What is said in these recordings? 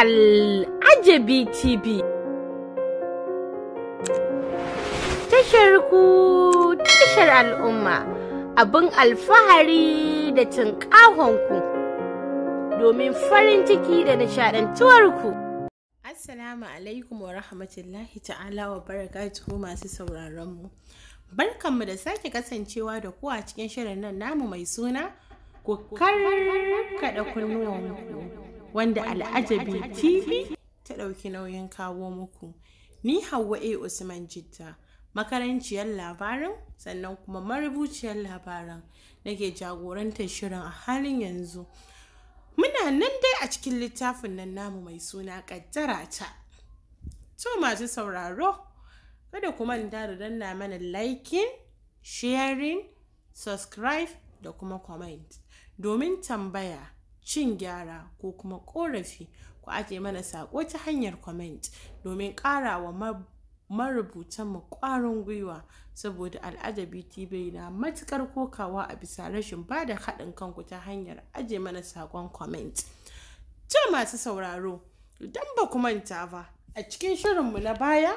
Al'ajabi TV. Tashar ku tashar al'umma abin alfahari da cin ku domin farin ciki da ku Assalamu alaikum wa rahmatullahi ta'ala wa barakatuhu masu sauraronmu. Barkanmu da sake kasancewa da ku a cikin shirin nan namu mai suna ku kada kunnuwanku. wanda Al'ajabi TV ta ɗauki nauyin kawo muku. Ni Hauwa A. Usman Jitta, makaranciyar labarin sannan kuma marubuciyar labaran nake jagorantar shirin a halin yanzu. Muna nan dai a cikin littafin nan namu mai suna ƙaddara ta. To masu sauraro, kada ku manta da danna mana liking, sharing, subscribe da kuma comment domin tambaya. cin gyara ko kuma ƙorafi ku ake mana sako ta hanyar comment domin ƙarawa mu ƙwarin gwiwa saboda al'ajabi tv na matukar kokawa a bisa rashin ba da haɗin kanku ta hanyar aje mana saƙon comment to masu sauraro idan ba ku manta ba a cikin shirin mu na baya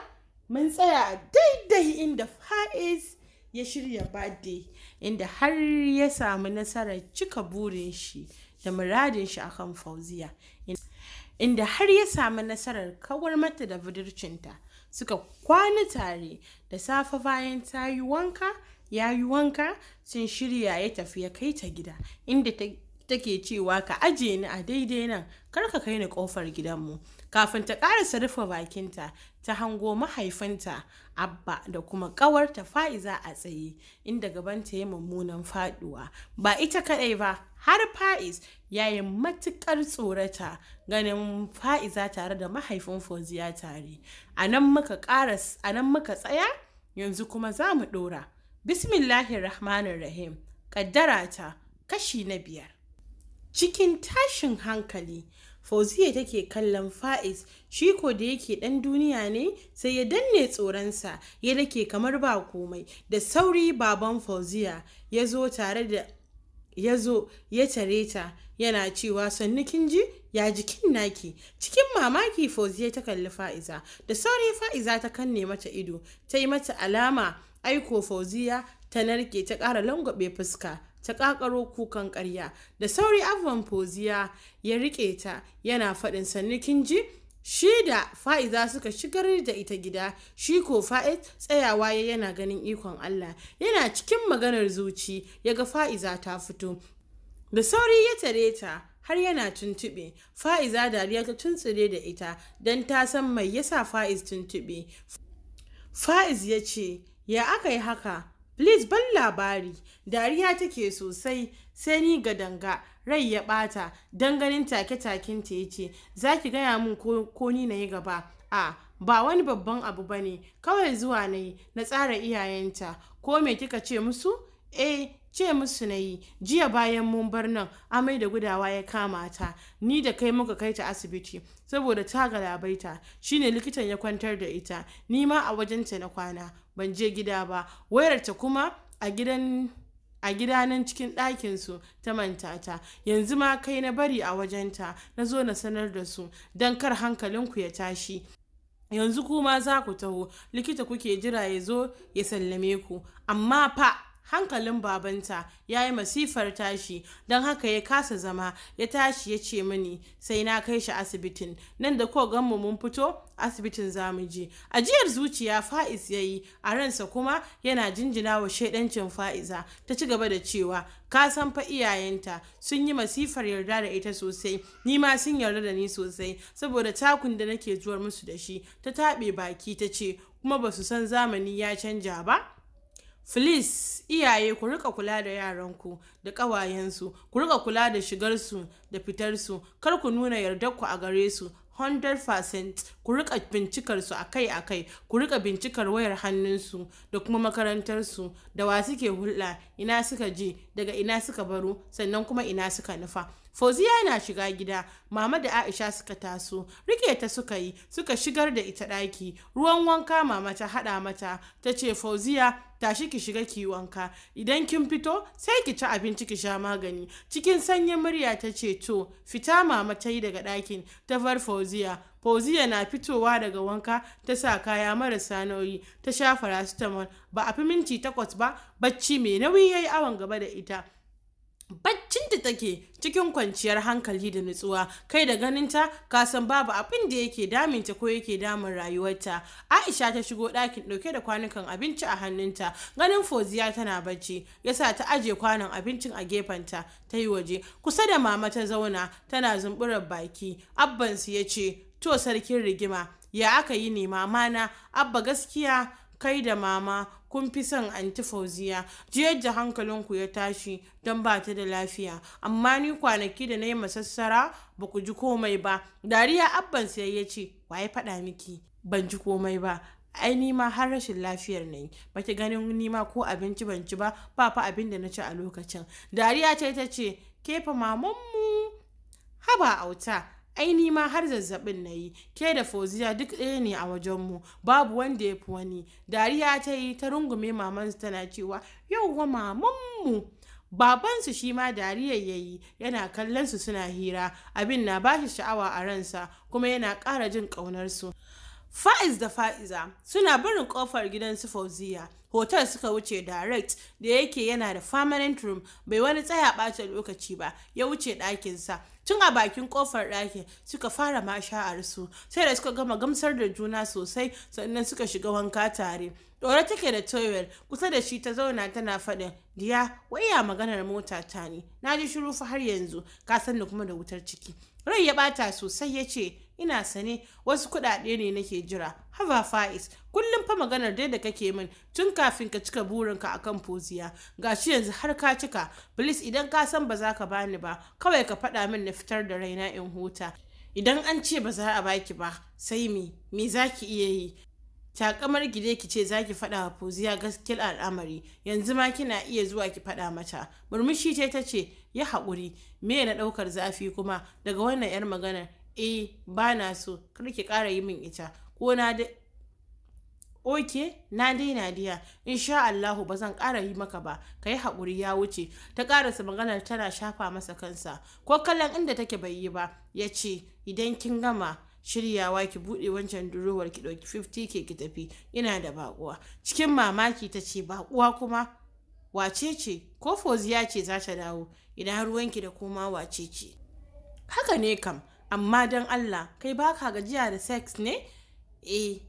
mun tsaya a daidai inda fa'iz ya shirya birthday inda har ya samu nasarar cika burin shi da muradin shi akan fauziya inda har ya samu nasarar kawar mata da budurcinta suka kwana tare da safe bayan ta yi wanka ya yi wanka sun shirya ya tafi ya kai ta gida inda take cewa ka ajiye ni a daidai nan kar ka kai ni kofar gidanmu kafin ta ƙarasa rufe bakinta ta hango mahaifinta abba da kuma ƙawarta fa'iza a tsaye inda gabanta ya mummunan faɗuwa ba ita kaɗai ba har fa'iz ya yi matuƙar tsorata ganin fa'iza tare da mahaifin foziya tare a nan muka tsaya yanzu kuma za mu ɗora bismillahir rahmanir rahim ƙaddara ta kashi na biyar cikin tashin hankali fauziya take kallon fa'iz shi ko da yake ɗan duniya ne sai ya danne tsoronsa ya dake kamar ba komai da sauri baban fauziya ya zo tare da ya zo ya tare ta yana cewa sannu kin ji ya jikin naki cikin mamaki fauziya ta kalli fa'iza da sauri fa'iza ta kanne mata ido ta yi mata alama aiko fauziya ta narke ta ƙara langwabe fuska ta kakaro kukan karya da sauri abubuwan foziya ya rike ta yana faɗin sannu kin ji shi da fa'iza suka shigar da ita gida shi ko fa'iz tsayawa ya yana ganin ikon Allah yana cikin maganar zuci ya ga fa'iza ta fito da sauri ya tare ta har yana tuntuɓe fa'iza dariya ta tuntsire da ita don ta san mai yasa fa'iz tuntuɓe fa'iz ya ce ya aka yi haka Liz ban labari, dariya take sosai, sai ni ga danga, rai ya ɓata, ganin take-taken ta ya ce, za ki gaya min ko ni na yi gaba, a ba wani babban abu ba ne, kawai zuwa na yi, na tsara iyayenta, ko me kika ce musu? E, ce musu na yi jiya bayan mun bar nan amai da gudawa ya kama ta ni da kai muka kai ta asibiti saboda ta ga labaita shine likitan ya kwantar da ita ni ma a wajenta na kwana ban je gida ba wayarta kuma a gidan a gida cikin cikin su ta manta ta yanzu ma kai na bari a wajen ta na zo na sanar da su don kar hankalinku ya tashi yanzu kuma za ku taho likita kuke jira ya zo ya sallame ku amma fa hankalin babanta ya yi masifar tashi don haka ya kasa zama ya tashi ya ce mini sai na kai shi asibitin nan da koganmu mun fito asibitin zamuji ajiyar zuciya fa'iz ya yi a ransa kuma yana jinjina wa shaidancin fa'iza ta ci gaba da cewa ka san fa iyayenta sun yi masifar yarda da ita sosai ni ma sun yarda da ni sosai saboda takun da nake zuwar musu da shi ta taɓe baki ta ce kuma ba su san zamani ya canja ba Please, iyaye ku rika kula da yaranku da ƙawayensu, ku rika kula da shigarsu da fitarsu, kar ku nuna yardarku a gare su, 100% ku rika bincikar su akai-akai ku rika bincikar wayar hannunsu da kuma makarantarsu da wa suke hulɗa ina suka je daga ina suka baro sannan kuma ina suka nufa Fauziya na shiga gida, mama da Aisha suka taso, rike ta suka yi, suka shigar da ita ɗaki. Ruwan wanka mama ta haɗa mata, ta ce Fauziya tashi ki shiga ki wanka, idan kin fito sai ki ci abinci ki sha magani. Cikin sanyin murya ta ce to, fita mama ta yi daga ɗakin, ta bar Fauziya. Fauziya na fitowa daga wanka ta sa kaya marasa nauyi ta sha farasitamol ba a fi minti takwas ba bacci mai nauyi ya yi awon gaba da ita baccin da take cikin kwanciyar hankali da nutsuwa kai da ganinta ka san babu abin da yake daminta ko yake damun rayuwarta aisha ta shigo ɗakin ɗauke da kwanukan abinci a hannunta ganin foziya tana bacci yasa ta aje kwanon abincin a gefenta ta yi waje kusa da mama ta zauna tana zumburar baki abbansu ya ce to sarkin rigima ya aka yi ne mama abba gaskiya kai da mama kun fi son anti fauziya jiyar da hankalinku ya tashi don ba ta da lafiya amma ni kwanaki da na yi masassara ba ku ji komai ba dariya abban sai ya ce wa ya faɗa miki ban ji komai ba ai ni ma har rashin lafiyar ne ki ganin ni ma ko abinci ban ci ba ba fa abin da na ci a lokacin dariya ce ta ce kefa mamanmu haba auta ai nima har zazzabin na yi ke da foziya duk ɗaya ne a wajenmu babu wanda ya fi wani dariya ta yi ta rungume mamansu tana cewa yauwa mamanmu babansu shi ma dariyar ya yi yana kallonsu suna hira abin na ba shi sha'awa a ransa kuma yana ƙara jin ƙaunarsu fa'iz da fa'iza suna barin ƙofar gidan su fauziya hotel suka wuce direct da yake yana da permanent room bai wani tsaya ɓata lokaci ba ya wuce ɗakinsa tun a bakin kofar ɗakin suka fara masha'arsu sai da suka gama gamsar da juna sosai sannan suka shiga wanka tare ɗora take da towel kusa da shi ta zauna tana faɗin diya waya maganar mota ta ne na ji shiru fa har yanzu ka san kuma da wutar ciki rai ya ɓata sosai ya ce ina sane wasu kuɗaɗe ne nake jira Hava fa'is kullum fa maganar dai da kake min tun kafin ka cika burinka a kan foziya shi yanzu har ka cika bilis idan ka san ba za ka bani ba kawai ka faɗa min na fitar da raina in huta idan an ce ba za a baki ba sai me me za ki iya yi takamar gide ki ce za ki faɗa wa fuziya gaskiyar al'amari yanzu ma kina iya zuwa ki faɗa mata murmushi ce ta ce ya haƙuri me na ɗaukar zafi kuma daga wannan 'yar maganar eh ba na so kar ki ƙara yi min ita ko na da oke na daina diya insha Allahu ba zan ƙara yi maka ba ka yi haƙuri ya wuce ta ƙarasa maganar tana shafa masa kansa ko kallon inda take bai yi ba ya ce idan kin gama shiryawa ki buɗe wancan durowar ki ɗauki 50 ke ki tafi ina da baƙuwa cikin mamaki ta ce baƙuwa kuma wace ce ko foziya ce za ta dawo idan ruwanki da koma wace ce haka ne kam amma don Allah kai baka gajiya da sex ne eh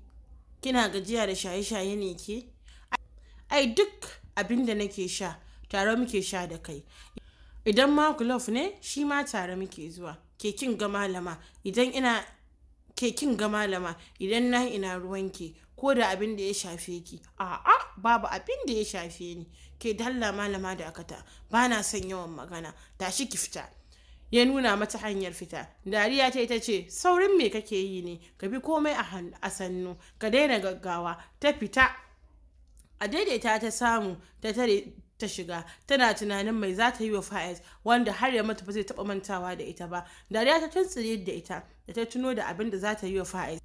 kina gajiya da shaye-shaye ne ke ai duk abin da nake sha tare muke sha da kai idan ma glove ne shi ma tare muke zuwa kekin ga malama idan ina kekin ga malama idan na ina ruwanki ko da abin da ya shafe ki a'a babu abin da ya shafe ni ke dalla malama da akata ba na son yawan magana tashi ki fita ya nuna mata hanyar fita dariya ta ita ce saurin me kake yi ne ka bi komai a sannu ka daina gaggawa ta fita a daidaita ta samu ta tare ta shiga tana tunanin mai za ta yi wa faiz wanda har ya mata ba zai taba mantawa da ita ba dariya ta tuntsire da ita da ta tuno da abin da za ta yi wa faiz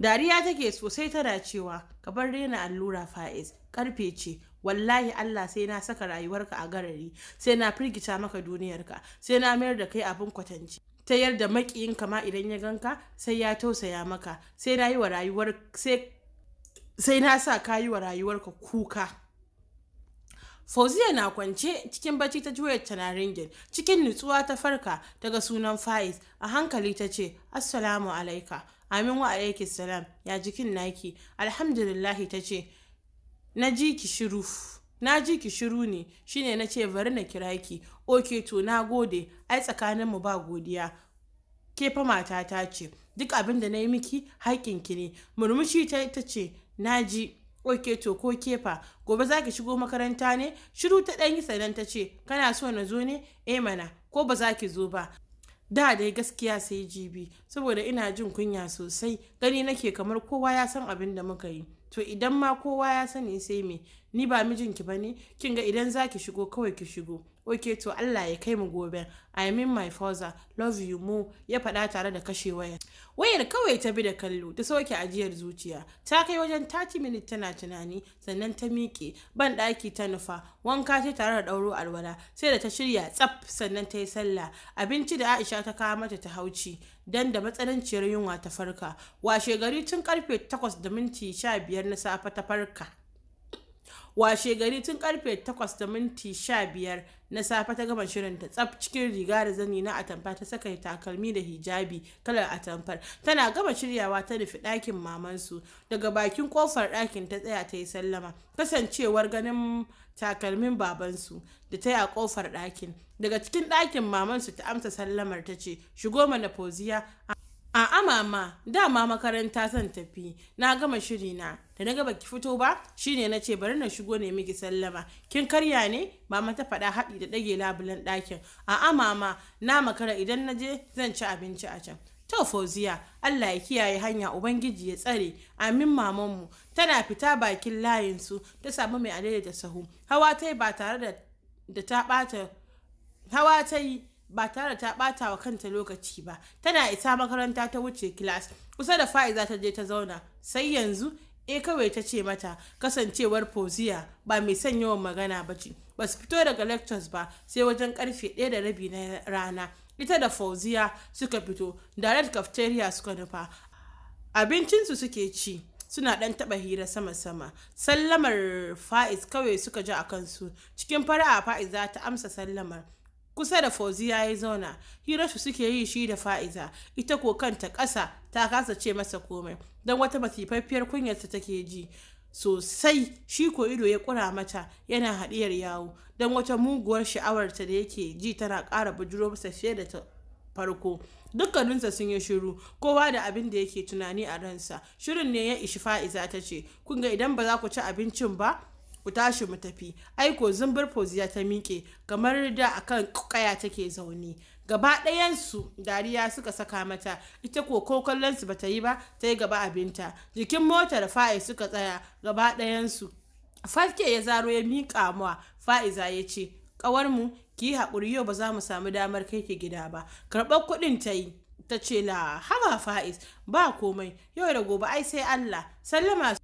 dariya take sosai tana cewa ka bar rena allura faiz karfe ce wallahi Allah sai na saka rayuwarka a garari sai na firgita maka duniyarka sai na mayar da kai abin kwatanci ta yarda makiyinka kama idan ya ganka sai ya tausaya maka sai na sa ka yi wa rayuwarka kuka Fauziya na kwance cikin bacci ta juya tana ringin cikin nutsuwa ta farka daga sunan Faiz a hankali ta ce Assalamu alaika Amin wa alaikis salam ya jikin naki alhamdulillahi ta ce na ji ki shiru na ji ki shiru ne shine na ce bari na kira ki oke to na gode ai tsakanin mu ba godiya ke fa ta ce duk abin da na yi miki ki ne murmushi ta ce na ji oke to ko kefa gobe za ki shigo makaranta ne shiru ta ɗan yi sanan ta ce kana so na zo ne E mana ko ba za ki zo ba da dai gaskiya sai jibi saboda ina jin kunya sosai gani nake kamar kowa ya san abin da muka yi to idan ma kowa ya sani sai me ni ba mijinki ba ne kin ga idan za ki shigo kawai ki shigo oke to Allah ya kai mu gobe I mean my father love you mo ya faɗa tare da kashe wayar wayar kawai ta bi da kallo ta sauke ajiyar zuciya ta kai wajen 30 minit tana tunani sannan ta miƙe ban ɗaki ta nufa wanka ta tare da ɗauro alwala sai da ta shirya tsaf sannan ta yi sallah abinci da Aisha ta kawo mata ta hauci dan da matsananciyar yunwa ta farka washe gari tun karfe 8 da minti 15 na safe ta farka washe gari tun karfe 8:15 na safe ta gama shirin ta tsaf cikin riga da zani na atamfa ta saka takalmi da hijabi kalar atamfar tana gama shiryawa ta nufi ɗakin mamansu daga bakin kofar ɗakin ta tsaya ta yi sallama kasancewar ganin takalmin babansu da ta yi a kofar ɗakin daga cikin ɗakin mamansu ta amsa sallamar ta ce shigo mana foziya A'a mama, dama makaranta zan tafi, na gama shiri na. Da na gaba ki fito ba, shine na ce bari na shigo ne miki sallama. Kin karya ne? Mama ta faɗa haɗi da ɗage labulen ɗakin. A'a mama, na makara idan na je zan ci abinci a can. To Fauziya, Allah ya kiyaye hanya Ubangiji ya tsare, amin mamanmu. Tana fita bakin layin su ta samu mai adaidaita sahu. Hawa ta ba tare da ta ɓata hawa ta ba tare ta ɓata wa kanta lokaci ba tana isa makaranta ta wuce kilas kusa da fa'iza ta je ta zauna sai yanzu e kawai ta ce mata kasancewar poziya ba mai son yawan magana ba ce ba su fito daga lectures ba sai wajen karfe ɗaya da rabi na rana ita da fauziya suka fito Da red cafeteria suka nufa abincinsu suke ci suna ɗan taɓa hira sama-sama sallamar fa'iz kawai suka ji a kansu cikin fara'a fa'iz za ta amsa sallamar kusa da fauziya ya zauna hirarsu suke yi shi da fa'iza ita ko kanta ƙasa ta kasa ce masa komai don wata masifaffiyar kunyarsa take ji sosai shi ko ido ya ƙura mata yana haɗiyar yawo don wata muguwar sha'awarta da yake ji tana ƙara bujuro masa fiye da ta farko dukkaninsa sun yi shiru kowa da abin da yake tunani a ransa shirin ne ya ishi fa'iza ta ce kun ga idan ba za ku ci abincin ba ku tashi mu tafi aiko zumbur ya ta miƙe kamar da akan kaya take zaune gaba ɗayansu dariya suka saka mata ita ko ko kallonsu ba ta yi ba ta yi gaba abinta jikin motar fa'i suka tsaya gaba ɗayansu fafke ya zaro ya miƙa mawa fa'iza ya ce ƙawarmu ki haƙuri yau ba za mu samu damar kai ki gida ba karɓar kuɗin ta yi ta ce la haba fa'is ba komai yau da gobe ai sai allah sallama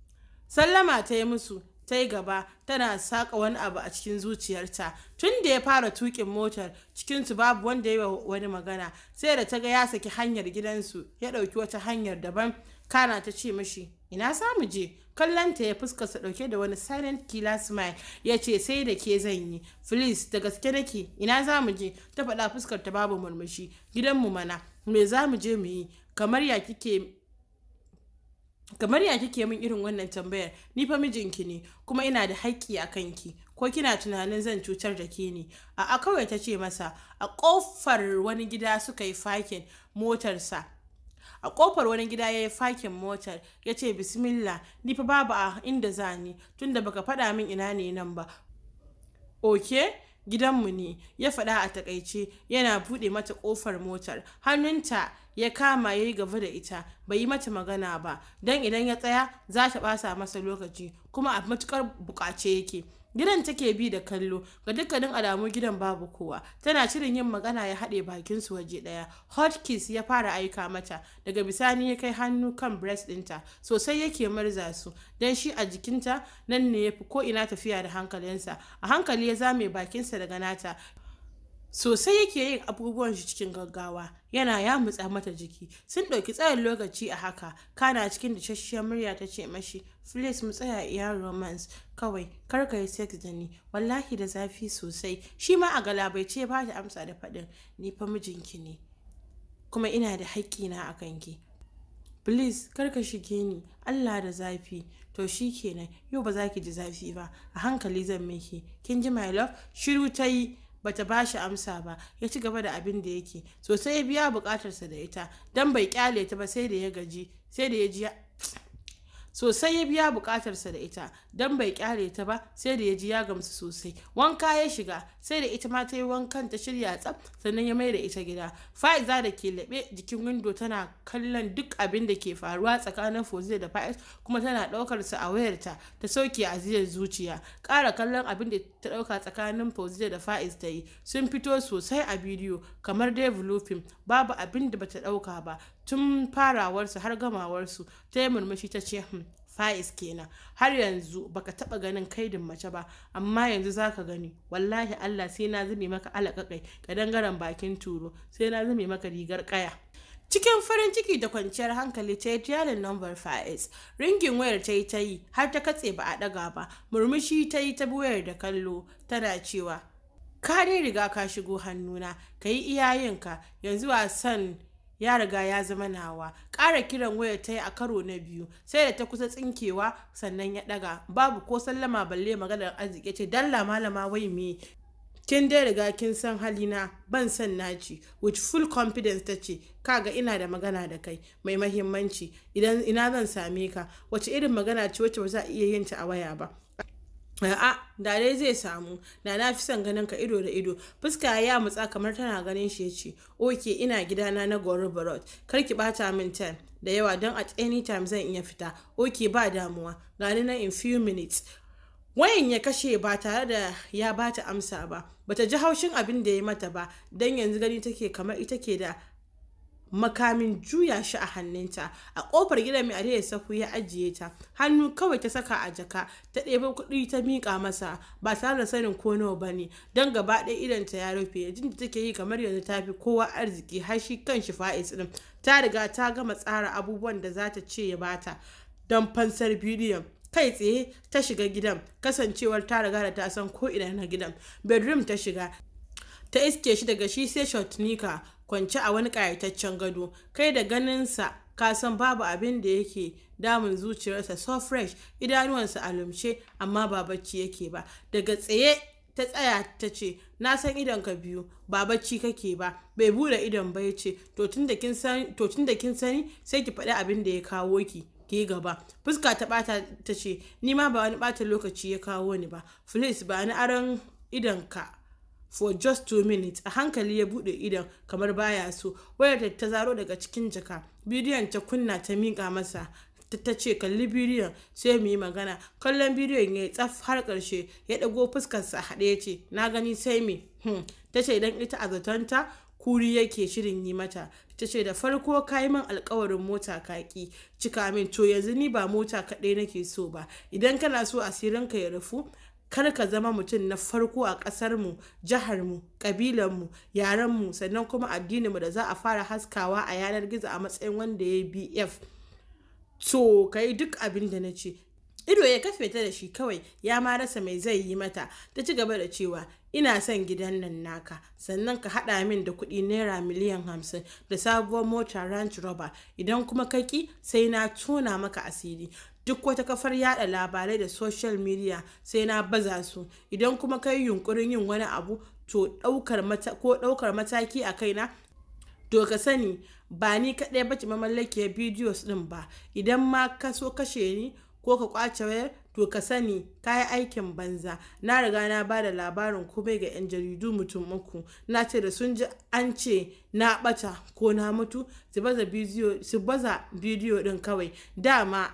sallama ta yi musu ta yi gaba tana saƙa wani abu a cikin zuciyarta tun da ya fara tukin motar cikinsu babu wanda ya yi wani magana sai da ta ga ya saki hanyar gidansu ya ɗauki wata hanyar daban kana ta ce mashi ina samu je kallonta ya fuskarsa ɗauke da wani silent killer smile ya ce sai da ke zan yi please da gaske nake ina za mu je ta faɗa fuskar ta babu murmushi gidanmu mana me za mu je mu yi kamar ya kike kamar ya kike min irin wannan tambayar ni fa mijinki ne kuma ina da haƙƙi a kanki ko kina tunanin zan cutar da ke ne a kawai ta ce masa a ƙofar wani gida suka yi fakin motarsa a ƙofar wani gida ya yi fakin motar ya ce bismillah ni fa babu a inda zani tunda baka faɗa min ina ne nan ba oke gidanmu ne ya faɗa a takaice yana buɗe mata ƙofar motar hannunta ya kama ya yi gaba da ita bai yi mata magana ba don idan ya tsaya za ta ɓasa masa lokaci kuma a matuƙar buƙace yake Gidan take bi da kallo, ga dukkanin alamu gidan babu kowa. Tana shirin yin magana ya haɗe bakin su waje ɗaya. hotkiss ya fara aika mata, daga bisani ya kai hannu kan breast ɗinta, sosai yake marza su, don shi a jikinta nan ne ya fi ko ina tafiya da hankalinsa. A hankali ya zame bakinsa daga nata, sosai yake yin abubuwan shi cikin gaggawa yana ya mutsa mata jiki sun ɗauki tsayin lokaci a haka kana cikin dashashiyar murya ta ce mashi please mu tsaya iya romance kawai kar ka yi sex da ni wallahi da zafi sosai shi ma a galabaice ba ta amsa da faɗin ni fa mijinki ne kuma ina da na a kanki please kar ka shige ni allah da zafi to shi kenan yau ba za ki ji zafi ba a hankali zan miki kin ji my love shiru ta yi bata ba shi amsa ba ya ci gaba da abin da yake sosai ya biya bukatarsa da ita don bai kyale ta ba sai da ya gaji sai da ya ji sosai ya biya bukatarsa da ita don bai kyare ta ba sai da ya ji ya gamsu sosai wanka ya shiga sai da ita ma ta yi wankan ta shirya tsaf sannan ya mai da ita gida fa'iza da ke laɓe jikin windo tana kallon duk abin da ke faruwa tsakanin fozil da fa'iz kuma tana ɗaukar su a wayarta ta sauke ziyar zuciya ƙara kallon abin da ta ɗauka tsakanin fozil da fa'iz ta yi sun fito sosai a bidiyo kamar dai babu abin da bata ɗauka ba tun farawarsu har gamawarsu ta yi murmushi ta ce hmm, fa'is kenan har yanzu baka taba ganin kaidin mace ba amma yanzu zaka gani wallahi Allah sai na zube maka alaƙaƙai ka dangaren bakin turo sai na zube maka rigar ƙaya cikin farin ciki da kwanciyar hankali ta yi jiyalin nambar fa'is ringin wayar ta yi ta yi har ta katse ba a ɗaga ba murmushi ta yi ta wayar da kallo tana cewa ka dai riga ka shigo hannuna ka yi iyayenka yanzu a san. ya riga ya zama nawa ƙara kiran waya ta yi a karo na biyu sai da ta kusa tsinkewa sannan ya ɗaga babu ko sallama balle maganar arziki ce dalla malama wai me kin dai riga kin san halina ban san naci with full confidence ta ce kaga ina da magana da kai mai mahimmanci idan ina zan same ka wace irin magana ce wacce ba za a iya yin ta a waya ba a'a da dai zai samu da na fi son ganin ka ido da ido fuska ya mutsa kamar tana ganin shi ya ce oke ina gidana na goro barot kar ki bata min ten da yawa don at any time zan iya fita oke ba damuwa gani na in few minutes wayan ya kashe ba tare da ya bata amsa ba bata ji haushin abin da ya mata ba don yanzu gani take kamar ita ke da makamin juya shi a hannunta a kofar gidan mai adai safu ya ajiye ta hannu kawai ta saka a jaka ta ɗebo kuɗi ta miƙa masa ba tare da sanin ko nawa ba ne don gaba ɗaya idan ta ya rufe jin da take yi kamar yanzu ta fi kowa arziki har shi kan shi fa'is ɗin ta riga ta gama tsara abubuwan da za ta ce ya bata don fansar bidiyon kai tsaye ta shiga gidan kasancewar ta riga da ta san ko idan na gidan bedroom ta shiga ta iske shi daga shi sai shotnika kwance a wani kayataccen gado kai da ganinsa ka san babu abin da yake damun zuciyarsa so fresh idanuwansa a lumshe amma ba bacci yake ba daga tsaye ta tsaya ta ce na san idon ka biyu ba kake ba bai bude idon ba ya ce to tun da kin sani sai ki faɗi abin da ya kawo ki ke gaba fuska ta bata ta ce ni ma ba wani bata lokaci ya kawo ni ba fulis ba ni aron idon ka for just two minutes a hankali ya bude idan kamar baya so wayar da ta zaro daga cikin jaka bidiyon ta kunna ta mika masa ta ce kalli bidiyon sai mu yi magana kallon bidiyon ya tsaf har karshe ya ɗago fuskarsa haɗe ya ce na gani sai me hmm. ta ce idan ita a zatonta kuri yake shirin yi mata ta ce da farko ka yi min alkawarin mota kaki cika min to yanzu ni ba mota kaɗai nake so ba idan kana so asirin ka ya rufu kar ka zama mutum na farko a ƙasarmu jiharmu ƙabilanmu, yarenmu sannan kuma addininmu da za a fara haskawa a yanar gizo a matsayin wanda ya bf to ka yi duk abin da na ce ido ya kafe ta da shi kawai ya ma rasa mai zai yi mata ta ci gaba da cewa ina son gidan nan naka sannan ka haɗa min da kuɗi naira miliyan hamsin da sabuwar mota ranch rover idan kuma kaki sai na tona maka asiri duk wata kafar yada labarai da social media sai na baza su idan kuma kai yunkurin yin wani abu to ko ɗaukar mataki a kaina to ka sani ba ni kaɗai bace mamallakiyar bidiyos din ba idan ma ka so kashe ni ko ka kwace wayar to ka sani ka yi aikin banza na riga na ba da labarin komai ga 'yan jaridu mutum uku na ce da sun ji an ce na bata ko na mutu su baza bidiyo din kawai dama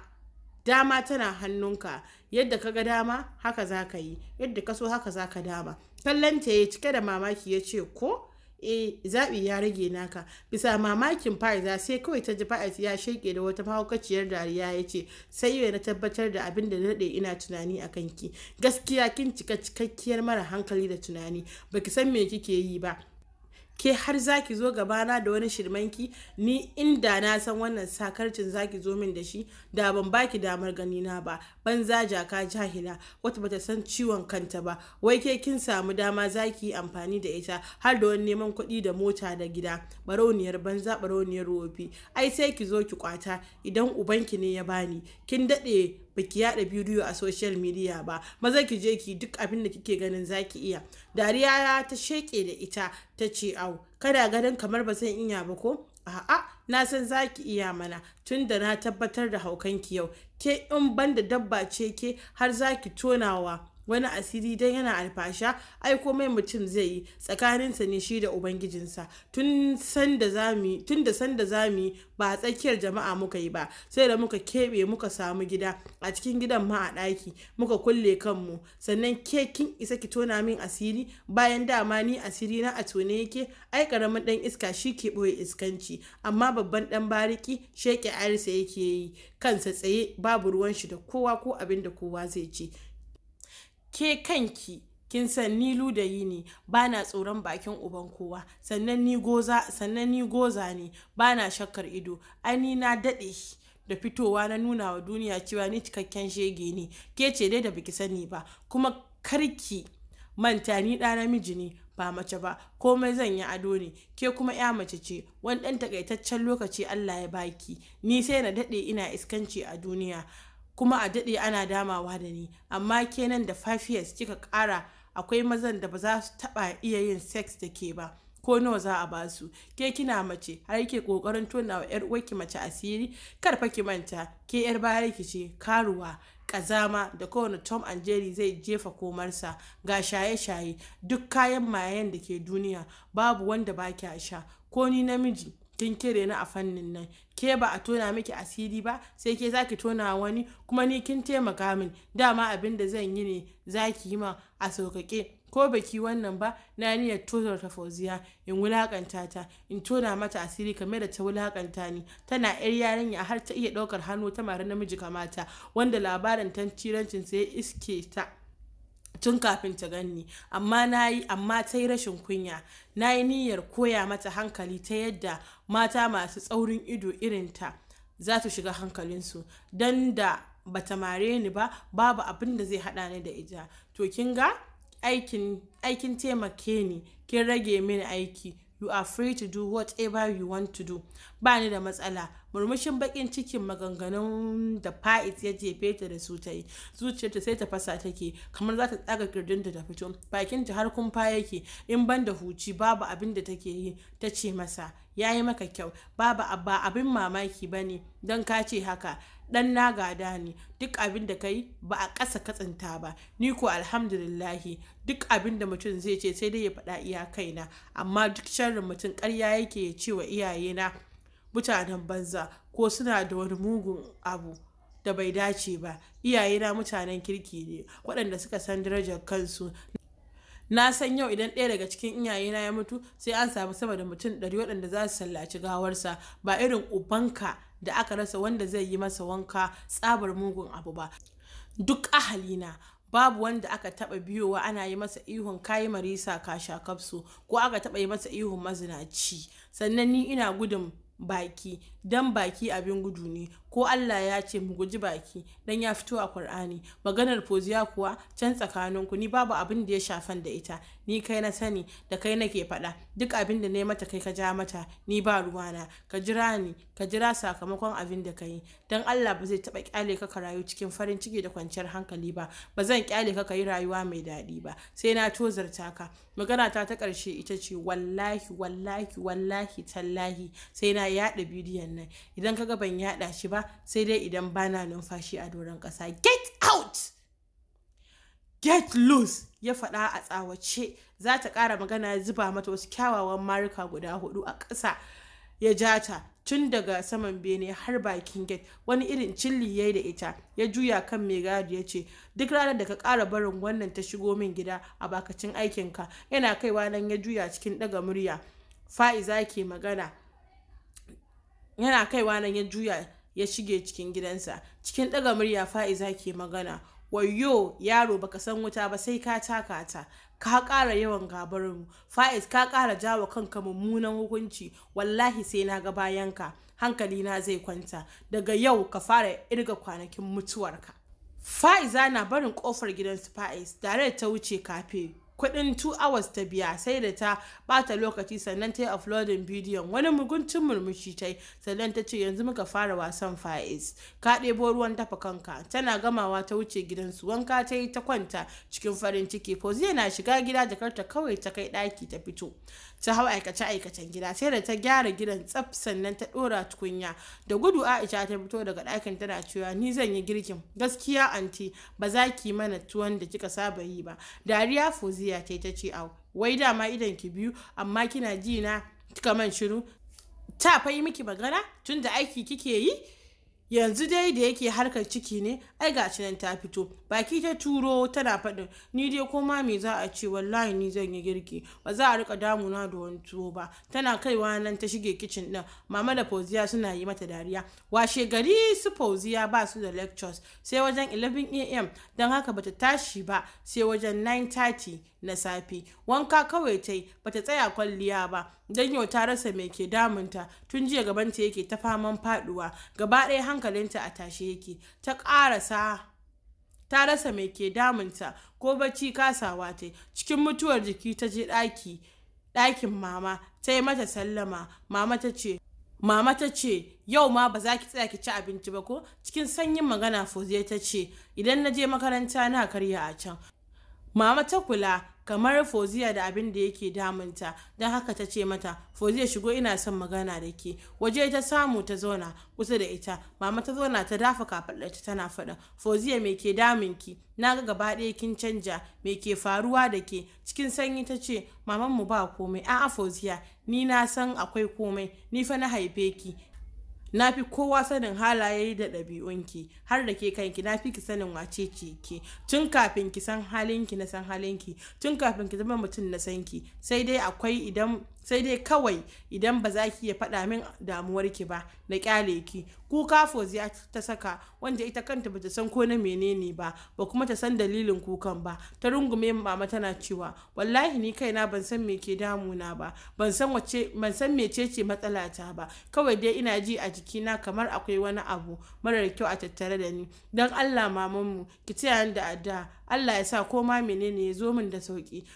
dama tana hannunka yadda ka ga dama haka za ka yi yadda ka so haka za ka dama kallon ta ya cike da mamaki ya ce ko e zaɓi ya rage naka bisa mamakin fa'iza sai kawai ta ji fa'iz ya sheƙe da wata mahaukaciyar dariya ya ce sai yau na tabbatar da abin da daɗe ina tunani a kanki gaskiya kin cika cikakkiyar mara hankali da tunani baki san me kike yi ba ke har zaki zo gabana da wani shirmanki ni inda na san wannan sakarcin zaki zo min da shi da ban baki damar ganina ba ban banza jaka jahila wata bata san ciwon kanta ba wai ke kin samu dama zaki yi amfani da ita har da wani neman kuɗi da mota da gida barauniyar banza barauniyar wofi ai sai ki zo ki kwata idan ubanki ne ya bani kin daɗe ba ki yada bidiyo a social media ba maza ki je ki duk abin da kike ganin zaki iya dariya ta sheke da ita ta ce au kada ganin kamar ba zan iya ba ko a'a na san zaki iya mana tun da na tabbatar da haukanki yau ke in banda dabba ce ke har zaki tonawa wani asiri dan yana alfasha ai komai mutum zai yi tsakaninsa ne shi da ubangijinsa tun da sanda zami ba a tsakiyar jama'a muka yi ba sai da muka keɓe muka samu gida a cikin gidan ma a ɗaki muka kulle kanmu sannan ke kin isa ki tona min asiri bayan dama ni asiri na a tone yake ai karamin dan iska shi ke ɓoye iskanci amma babban dan bariki sheke arisa yake yi kansa tsaye babu ruwan shi da kowa ko abin da kowa zai ci ke kanki kin san ni yi ne ba na tsoron bakin uban kowa sannan ni goza sannan goza ne ba na shakkar ido ani na daɗe da fitowa na nuna wa duniya cewa ni cikakken shege ne ke ce dai da biki sani ba kuma karki manta ni ɗa namiji ne ba mace ba komai zan yi ado ne ke kuma ya mace ce wani ɗan takaitaccen lokaci Allah ya baki ni sai na dade ina iskanci a duniya kuma a daɗe ana damawa da ni amma kenan da 5 years kika ƙara akwai mazan da ba za su taɓa iya yin sex da ke ba ko nawa za a ba su ke kina mace har yake ƙoƙarin tona wa yar uwarki mace asiri kar fa ki manta ke yar ki ce karuwa kazama da kowane Tom and Jerry zai jefa komarsa ga shaye-shaye duk kayan mayen da ke duniya babu wanda ba kya sha ko ni namiji kin kire ni a fannin nan ke ba a tona miki asiri ba sai ke zaki tona wani kuma ni kin taimaka min dama abin da zan yi ne zaki yi ma a sauƙaƙe ko baki wannan ba na niyyar tozar ta fauziya in wulaƙanta ta in tona mata asiri kamar da ta wulakanta ni tana yar yarinya har ta iya ɗaukar hannu ta mara namiji kamata wanda labarin tantirancin sai iske ta tun kafin ta ganni amma na yi amma ta yi rashin kunya na yi niyyar koya mata hankali ta yadda mata masu tsaurin ido irinta za su shiga hankalinsu don da ba ta mare ni ba babu abin da zai haɗa ni da ita to kin ga aikin taimake ni kin rage mini aiki you are free to do whatever you want to do ba ni da matsala murmushin bakin cikin maganganun da fa'id ya jefe ta da su ta yi zuciyarta sai ta fasa take kamar za ta tsaga da ta fito bakin ta har kumfa yake in ban da huci babu abin da take yi ta ce masa ya yi maka kyau babu ba abin mamaki ba ne don ka ce haka dan na gada ne duk abin da kai ba a ƙasa katsinta ba ni ko alhamdulillahi duk abin da mutum zai ce sai dai ya faɗa iya kaina amma duk sharrin mutum karya yake ya ce wa iyayena mutanen banza ko suna da wani mugun abu da bai dace ba iyayena mutanen kirki ne waɗanda suka san darajar kansu na san yau idan ɗaya daga cikin iyayena ya mutu sai an samu sama da mutum ɗari waɗanda za su sallaci gawarsa ba irin ubanka da aka rasa wanda zai yi masa wanka tsabar mugun abu ba duk ahalina babu wanda aka taba biyowa ana yi masa ihun kayi marisa ka sha ko aka taba yi masa ihun mazinaci sannan ni ina gudun baki dan baki abin gudu ne ko Allah ya ce mu guji baki dan ya fito a kur'ani maganar foziya kuwa can tsakaninku ni babu abin da ya shafan da ita ni kai na sani da kai nake faɗa duk abin da ne mata kai ka ja mata ni ba ruwana ka jira ni ka jira sakamakon abin da ka yi don allah ba zai taɓa kyale ka ka rayu cikin farin ciki da kwanciyar hankali ba ba zan kyale ka ka yi rayuwa mai daɗi ba sai na tozarta ka magana ta ta ƙarshe ita ce wallahi wallahi wallahi tallahi sai na yaɗa bidiyon nan idan kaga ban yaɗa shi ba sai dai idan bana numfashi a doron ƙasa get out get loose ya faɗa a tsawace za ta ƙara magana zuba mata wasu kyawawan marika guda hudu a ƙasa ya ja ta tun daga saman bene har bakin gate wani irin cilli ya da ita ya juya kan mai gadi ya ce duk ranar da ka ƙara barin wannan ta shigo min gida a bakacin aikinka yana kaiwa nan ya juya cikin ɗaga murya fa'iza ke magana yana kaiwa nan ya juya ya shige cikin gidansa cikin ɗaga murya fa'iza ke magana wayo yaro baka san wuta ba sai ka taka ta ka ƙara yawan gabarinmu fa'iz ka ƙara jawo kanka mummunan hukunci wallahi sai na ga bayanka hankali na zai kwanta daga yau ka fara irga kwanakin mutuwarka fa'iza na barin ƙofar gidan su fa'iz tare ta wuce kafe kudin 2 hours ta biya sai da ta bata lokaci sannan ta yi uploading bidiyon wani muguntun murmushi ta yi sannan ta ce yanzu muka fara wasan faiz ka ɗebo ruwan tafa kanka tana gamawa ta wuce gidansu wanka ta yi ta kwanta cikin farin ciki fauziya na shiga gida ta kawai ta kai ɗaki ta fito ta hau aikace aikacen gida sai da ta gyara gidan tsaf sannan ta ɗora tukunya da gudu aisha ta fito daga ɗakin tana cewa ni zan yi girkin gaskiya anti ba za ki mana tuwon da kika saba yi ba dariya fauziya murya ta ta ce au wai dama idan ki biyu amma kina ji na kaman shiru ta fa yi miki magana tun da aiki kike yi yanzu dai da yake harkar ciki ne ai ga nan ta fito baki ta turo tana faɗin ni dai koma me za a ce wallahi ni zan yi girki ba za a rika damuna da wani tuwo ba tana kaiwa nan ta shige kicin ɗin mama da fauziya suna yi mata dariya washe gari su fauziya ba su da lectures sai wajen 11 am don haka bata tashi ba sai wajen 9:30 na safe wanka kawai ta yi ba ta tsaya kwalliya ba don yau ta rasa mai ke damunta tun jiya gabanta yake ta faman faduwa gaba ɗaya hankalinta a tashe yake ta ƙarasa ta rasa mai ke damunta ko bacci kasawa ta cikin mutuwar jiki ta je ɗaki ɗakin mama ta yi mata sallama mama ta ce mama ta ce yau ma ba za ki tsaya ki ci abinci ba ko cikin sanyin magana foziya ta ce idan na je makaranta na karya a can Mama ta kula kamar Foziya da abin da yake damunta, don haka ta ce mata, Fauziya shigo ina son magana da ke. Waje ta samu ta zauna kusa da ita, mama ta zauna ta dafa kafaɗarta tana faɗa, Fauziya me ke damunki, na ga gaba ɗaya kin canja, me ke faruwa da ke, cikin sanyi ta ce, mamanmu ba komai, a'a Foziya ni na san akwai komai, ni fa na haife ki, na fi kowa sanin halaye da ɗabi'unki har da ke kanki na fi ki sanin wace ce ke tun kafin ki san halinki na san halinki tun kafin ki zama mutum na sanki sai dai akwai idan sai dai kawai idan ba za ki iya faɗa min damuwar ki ba na kyale ki kuka foziya ta saka wanda ita kanta bata san ko na menene ba ba kuma ta san dalilin kukan ba ta rungume mama tana cewa wallahi ni kaina ban san me ke damuna ba ban san wace ban san mecece matsalata ba kawai dai ina ji a jikina kamar akwai wani abu marar kyau a tattare da ni dan Allah mamanmu ki tsaya da adda Allah ya sa ko ma menene ya zo min da sauki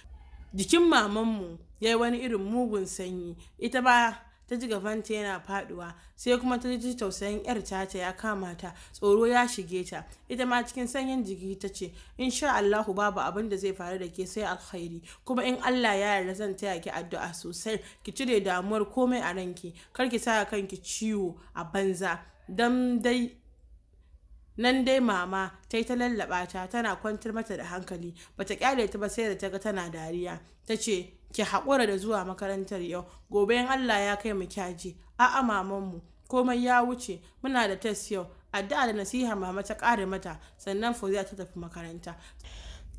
jikin mamanmu ya yi wani irin mugun sanyi ita ba ta ji gabanta yana faduwa sai kuma ta ji tausayin yar tata ya kama ta tsoro ya shige ta ita ma cikin sanyin jiki ta ce insha Allahu babu abin da zai faru da ke sai alkhairi kuma in Allah ya yarda zan taya ki addu'a sosai ki cire damuwar komai a ranki kar ki sa kanki ciwo a banza dan dai nan dai mama ta yi ta lallaba ta tana kwantar mata da hankali bata kyale ta ba sai da ta ga tana dariya ta ce ki haƙura da zuwa makarantar yau gobe in Allah ya kai mu kyaje a'a mu komai ya wuce muna da test yau addu'a da nasiha mama ta ƙare mata sannan Fauziya ta tafi makaranta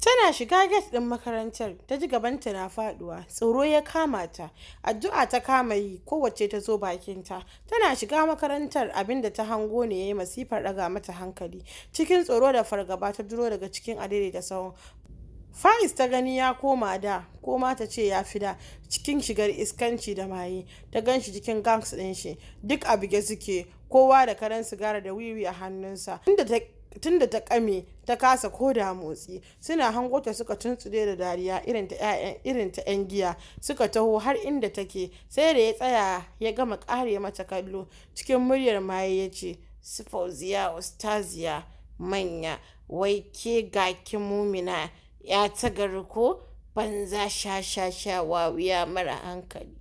tana shiga gate ɗin makarantar ta ji gabanta na faɗuwa tsoro ya kama ta addu'a ta kama yi kowace ta zo bakin ta tana shiga makarantar abinda ta hango ne ya yi masifar ɗaga mata hankali cikin tsoro da fargaba ta duro daga cikin da sahun faris ta gani ya koma da koma ta ce ya fi da cikin shigar iskanci da maye ta ganshi cikin jikin gangs ɗin shi duk a bige suke kowa da karen sigara da wiwi a hannunsa tunda ta kame ta kasa ko da motsi suna hangota suka tuntsude da dariya irin ta 'yan giya suka taho har inda take sai da ya tsaya ya gama kare mata kallo cikin muryar maye ya ce ostaziya manya wai ke gaki mumina ya tagar ko banza sha-sha-sha wawiya mara hankali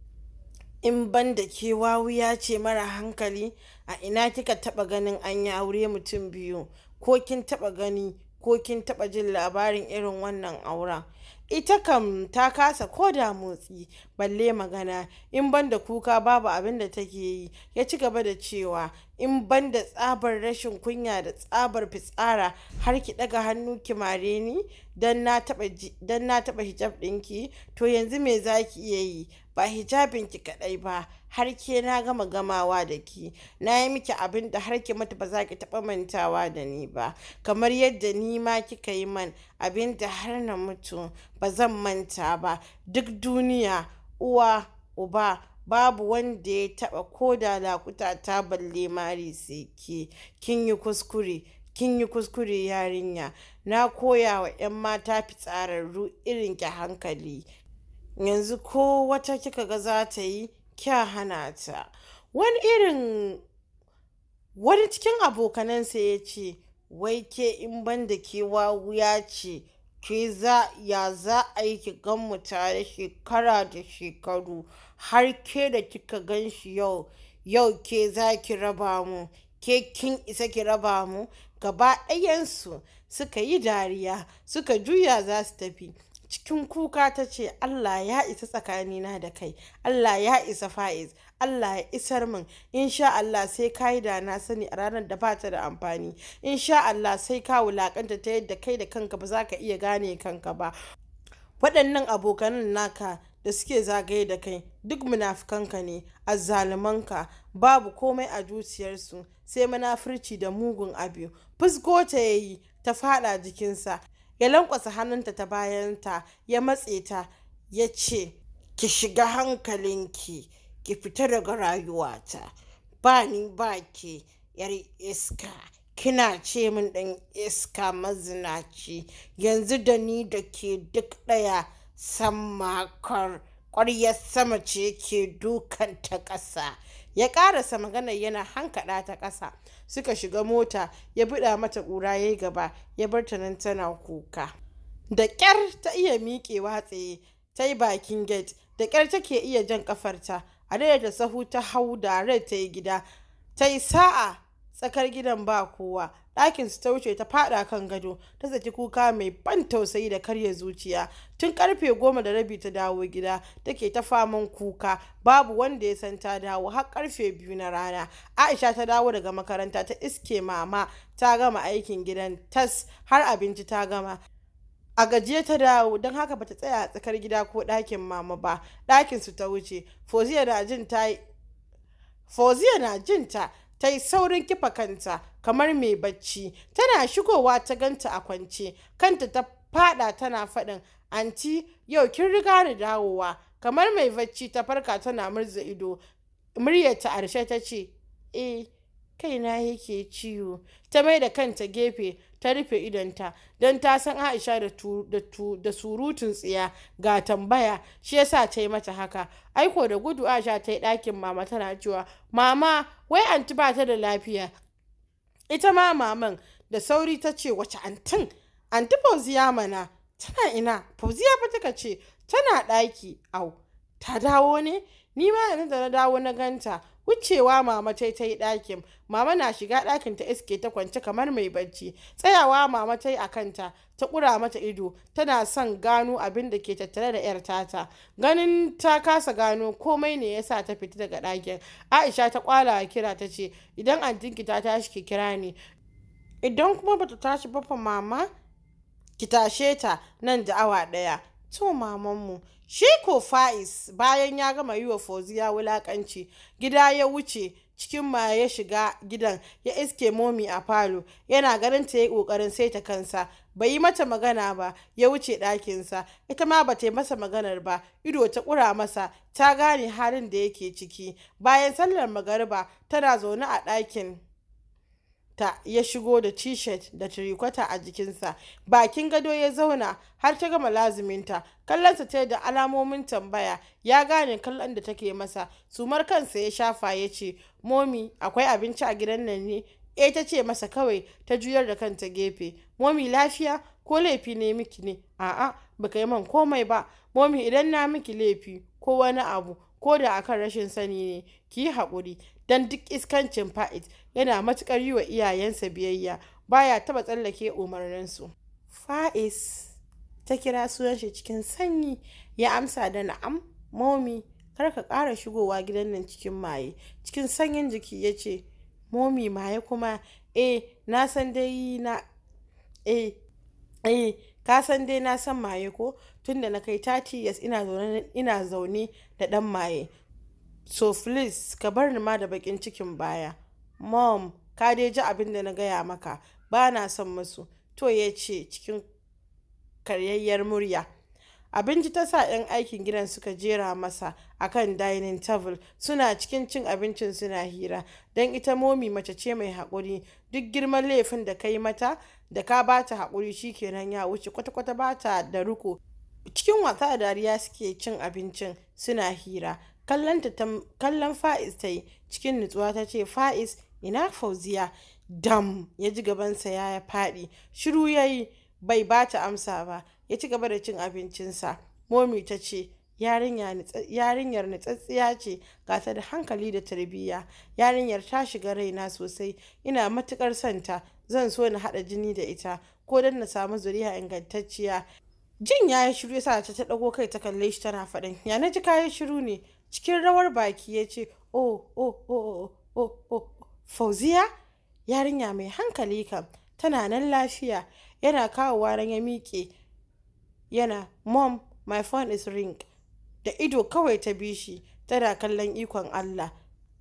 in ban da ke wawiya ce mara hankali a ina kika taɓa ganin an yi aure mutum biyu ko kin taɓa gani ko kin taɓa jin labarin irin wannan auren ita kam ta kasa ko da motsi balle magana in banda kuka babu abin da take yi ya ci gaba da cewa in banda tsabar rashin kunya da tsabar fitsara har ki daga hannu ki mare ni don na taba hijab ɗinki to yanzu me za ki iya yi ba hijabin ki kadai ba har ke na gama gamawa da ki na yi miki abin da har ki mata ba za ki taɓa mantawa da ni ba kamar yadda ni ma kika yi man abin da har na mutu ba zan manta ba duk duniya uwa uba babu wanda ya taba ko da lakuta ta balle mari sai ke kin yi kuskure kin yi kuskure yarinya na koya wa 'yan mata fitsararru irin ki hankali yanzu ko wata kika ga za ta yi kya hana ta wani irin wani cikin abokanansa ya ce wai ke in ban da ke wuya ce ke za ya za a yi ki gan mu tare shekara da shekaru har ke da kika gan shi yau yau ke za ki raba mu ke kin isa ki raba mu gaba ɗayansu suka yi dariya suka juya za su tafi cikin kuka ta ce Allah ya isa tsakanina da kai Allah ya isa fa'iz Allah ya isar min insha Allah sai ka yi da na sani a ranar da bata da amfani insha Allah sai ka wulakanta ta yadda kai da kanka ba za ka iya gane kanka ba waɗannan abokan naka da suke zagaye da kai duk munafukanka ne azzalumanka babu komai a zuciyarsu sai munafurci da mugun abu fusko ta yayi ta fada jikinsa ya lankwasa hannunta ta bayanta ya matse ta ya ce ki shiga hankalinki ki fita daga rayuwata ba ni ba ki yar iska kina ce min ɗan iska mazinaci yanzu da ni da ke duk ɗaya sammakar ƙwaryar sama ce ke dukanta ƙasa ya karasa maganar yana hankaɗa ta ƙasa suka shiga mota ya buɗa mata ƙura ya yi gaba ya bar ta nan tana kuka da ƙyar ta iya miƙewa tsaye ta yi bakin gate da ƙyar take iya jan ƙafarta a ta sahu ta hau da rai ta yi gida ta yi sa'a tsakar gidan ba kowa ɗakin ta wuce ta faɗa kan gado ta saki kuka mai ban tausayi da karya zuciya tun karfe goma da rabi ta dawo gida take ta faman kuka babu wanda ya san ta dawo har karfe biyu na rana aisha ta dawo daga makaranta ta iske mama ta gama aikin gidan tas har abinci ta gama a gajiya ta dawo don haka bata tsaya a tsakar gida ko ɗakin mama ba su ta wuce foziya na jin ta ta yi saurin kifa kanta kamar mai bacci tana shigowa ta ganta a kwance kanta ta fada tana faɗin anti yau kin riga ni dawowa kamar mai bacci ta farka tana murza ido muryarta arshe ta ce eh kaina yake ciwo ta mai da kanta gefe ta rufe idonta don ta san aisha da surutun tsiya ga tambaya shi yasa ta yi mata haka aiko da gudu aisha ta yi ɗakin mama tana cewa mama wai anti ba ta da lafiya ita ma maman da sauri ta ce wace antin anti fauziya mana tana ina fauziya ba taka ce tana ɗaki au ta dawo ne ni ma yanzu da na dawo na ganta wucewa mama tai ta yi ɗakin mama na shiga ɗakin ta iske ta kwance kamar mai bacci tsayawa mama ta yi a kanta ta ƙura mata ido tana son gano abin da ke tattare da yar tata ganin ta kasa gano komai ne yasa ta fita daga ɗakin aisha ta kwala kira ta ce idan antinki ta tashi ki kira ni idan kuma bata tashi ba mama ki tashe ta nan da awa ɗaya To mamanmu, shi ko Fa'is bayan ya gama yi wa ya wulakanci, gida ya wuce cikin ma ya shiga gidan ya iske momi a falo yana ganin ta yi ƙoƙarin sai ta kansa bai yi mata magana ba ya wuce ɗakinsa ita ma ba ta yi masa maganar ba ido ta ƙura masa ta gane halin da yake ciki bayan sallar magariba tana zaune a ɗakin ta ya shigo da t-shirt da tirikwata a jikinsa bakin gado ya zauna har ta gama laziminta kallonsa ta da alamomin tambaya ya gane kallon da take masa sumar kansa ya shafa ya ce momi akwai abinci a gidan nan ne e ta ce masa kawai ta juyar da kanta gefe momi lafiya ko laifi ne miki ne a'a baka yi man komai ba momi idan na miki laifi ko wani abu ko da akan rashin sani ne ki yi haƙuri don duk iskancin fa'id yana matuƙar yi wa iyayensa biyayya baya taɓa tsallake umarninsu fa'is ta kira sunan shi cikin sanyi ya amsa da na'am momi kar ka ƙara shigowa gidan nan cikin maye cikin sanyin jiki ya ce momi maye kuma eh na san dai na eh eh ka san dai na san maye ko tunda na kai tati yas ina zaune ina zaune da dan maye so please ka bar ni ma da bakin cikin baya mom ka dai ji abin da na gaya maka ba na son musu to ya ce cikin karyayyar murya abinci ta sa 'yan aikin gidan suka jera masa a kan dining table suna cikin cin abincin suna hira don ita momi mace ce mai haƙuri duk girman laifin da ka yi mata da ka ba ta haƙuri shikenan ya wuce kwata-kwata ba ta da riko cikin wasa dariya suke cin abincin suna hira kallon fa'iz ta yi cikin nutsuwa ta ce fa'is ina fauziya dam ya ji gabansa ya ya faɗi shiru ya yi bai ba ta amsa ba ya ci gaba da cin abincinsa momi ta ce yarinyar nutsatsiya ce ga ta da hankali da tarbiyya yarinyar ta shiga raina sosai ina matukar santa zan so na haɗa jini da ita ko don na samu zuriya ingantacciya jin ya yi shiru ya sa ta ɗago kai ta kalle shi tana faɗin ya na ji kayan shiru ne cikin rawar baki ya ce Oh, oh oh oh oh oh fauziya yarinya mai hankali kam tana nan lafiya yana kawo waran ya miƙe yana mom my phone is ring da ido kawai ta bi shi tana kallon ikon allah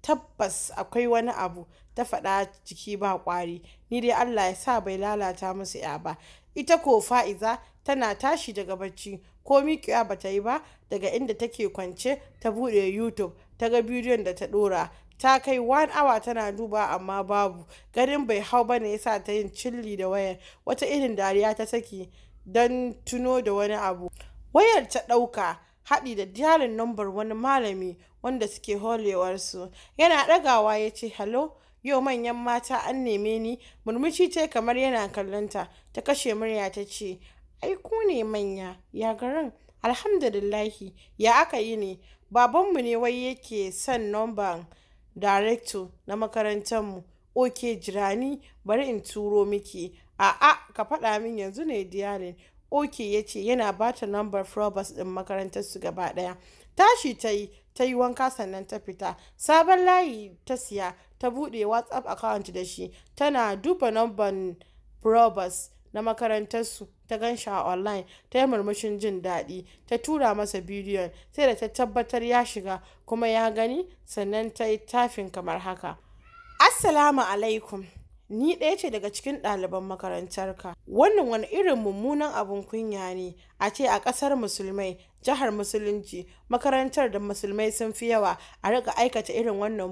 tabbas akwai wani abu ta faɗa jiki ba ƙwari ni dai allah ya sa bai lalata musu ya ba ita ko fa'iza tana tashi daga bacci ko miƙewa ba ta yi ba daga inda take kwance ta buɗe youtube ta ga bidiyon da ta ɗora ta kai one hour tana duba amma babu ganin bai hau bane yasa ta yin cilli da wayar wata irin dariya ta saki don tuno da wani abu wayar ta ɗauka haɗi da dialin nambar wani malami wanda suke holewarsu yana ɗagawa ya ce hello yau manyan mata an neme ni murmushi ce kamar yana kallonta ta kashe murya ta ce ai ku ne manya ya garin alhamdulillahi ya aka yi ne babanmu ne wai yake son nomban director na makarantarmu oke jirani bari in turo miki a'a ka faɗa min yanzu ne diyalin oke ya ce yana ba ta nambar frobus ɗin makarantar su gaba ɗaya tashi ta yi ta yi wanka sannan ta fita sabon layi ta siya ta buɗe whatsapp account da shi tana duba namban frobus na makarantarsu ta gan shi a online ta yi murmushin jin daɗi ta tura masa bidiyon sai da ta tabbatar ya shiga kuma ya gani sannan ta yi tafin kamar haka assalamu alaikum ni ɗaya ce daga cikin ɗaliban makarantarka wannan wani irin mummunan abin kunya ne a ce a ƙasar musulmai jihar musulunci makarantar da musulmai sun fi yawa a riga aikata irin wannan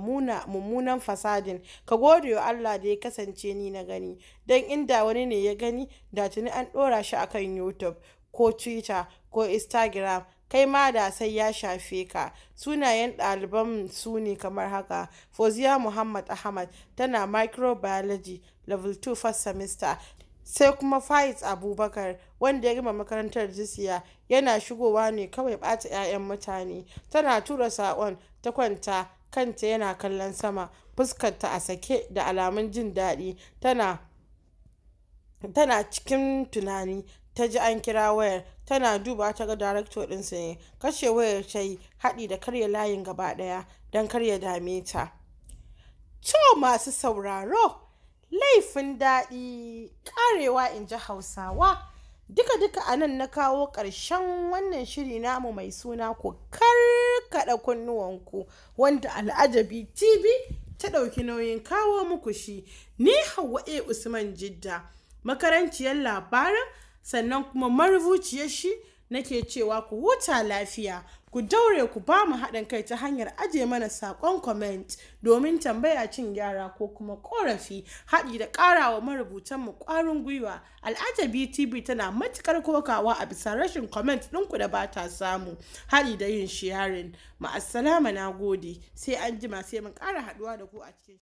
mummunan fasadin ka gode wa allah da ya kasance ni na gani don inda wani ne ya gani da tuni an ɗora shi a kan youtube ko twitter ko instagram kai ma da sai ya shafe ka sunayen ɗaliban su ne kamar haka fozia muhammad ahmad tana microbiology level 2 first semester sai kuma faiz abubakar wanda ya gama makarantar jisiya yana shigowa ne kawai ɓata 'ya'yan mutane tana tura saƙon ta kwanta kanta yana kallon sama fuskarta a sake da alamun jin daɗi tana cikin tunani ta ji an kira wayar tana duba ta ga darakto ɗinsa ne kashe wayar ta yi haɗi da karya layin gaba ɗaya don karya dame ta to masu sauraro laifin daɗi ƙarewa in ji hausawa duka duka a nan na kawo ƙarshen wannan shiri namu mai suna ku karkaɗa kunnuwanku wanda al'ajabi tv ta ɗauki nauyin kawo muku shi ni hawa e usman jidda makaranciyar labaran, sannan kuma marubuciyar shi nake cewa ku huta lafiya ku daure ku ba mu haɗin kai ta hanyar ajiye mana saƙon comment domin tambaya cin gyara ko kuma ƙorafi haɗi da ƙarawa marubutan mu ƙwarin gwiwa al'ajabi btb tana matuƙar kokawa a bisa rashin comment ɗinku da ba ta samu haɗi da yin sharing ma'assalama na gode sai an jima sai mun ƙara haɗuwa da ku a cikin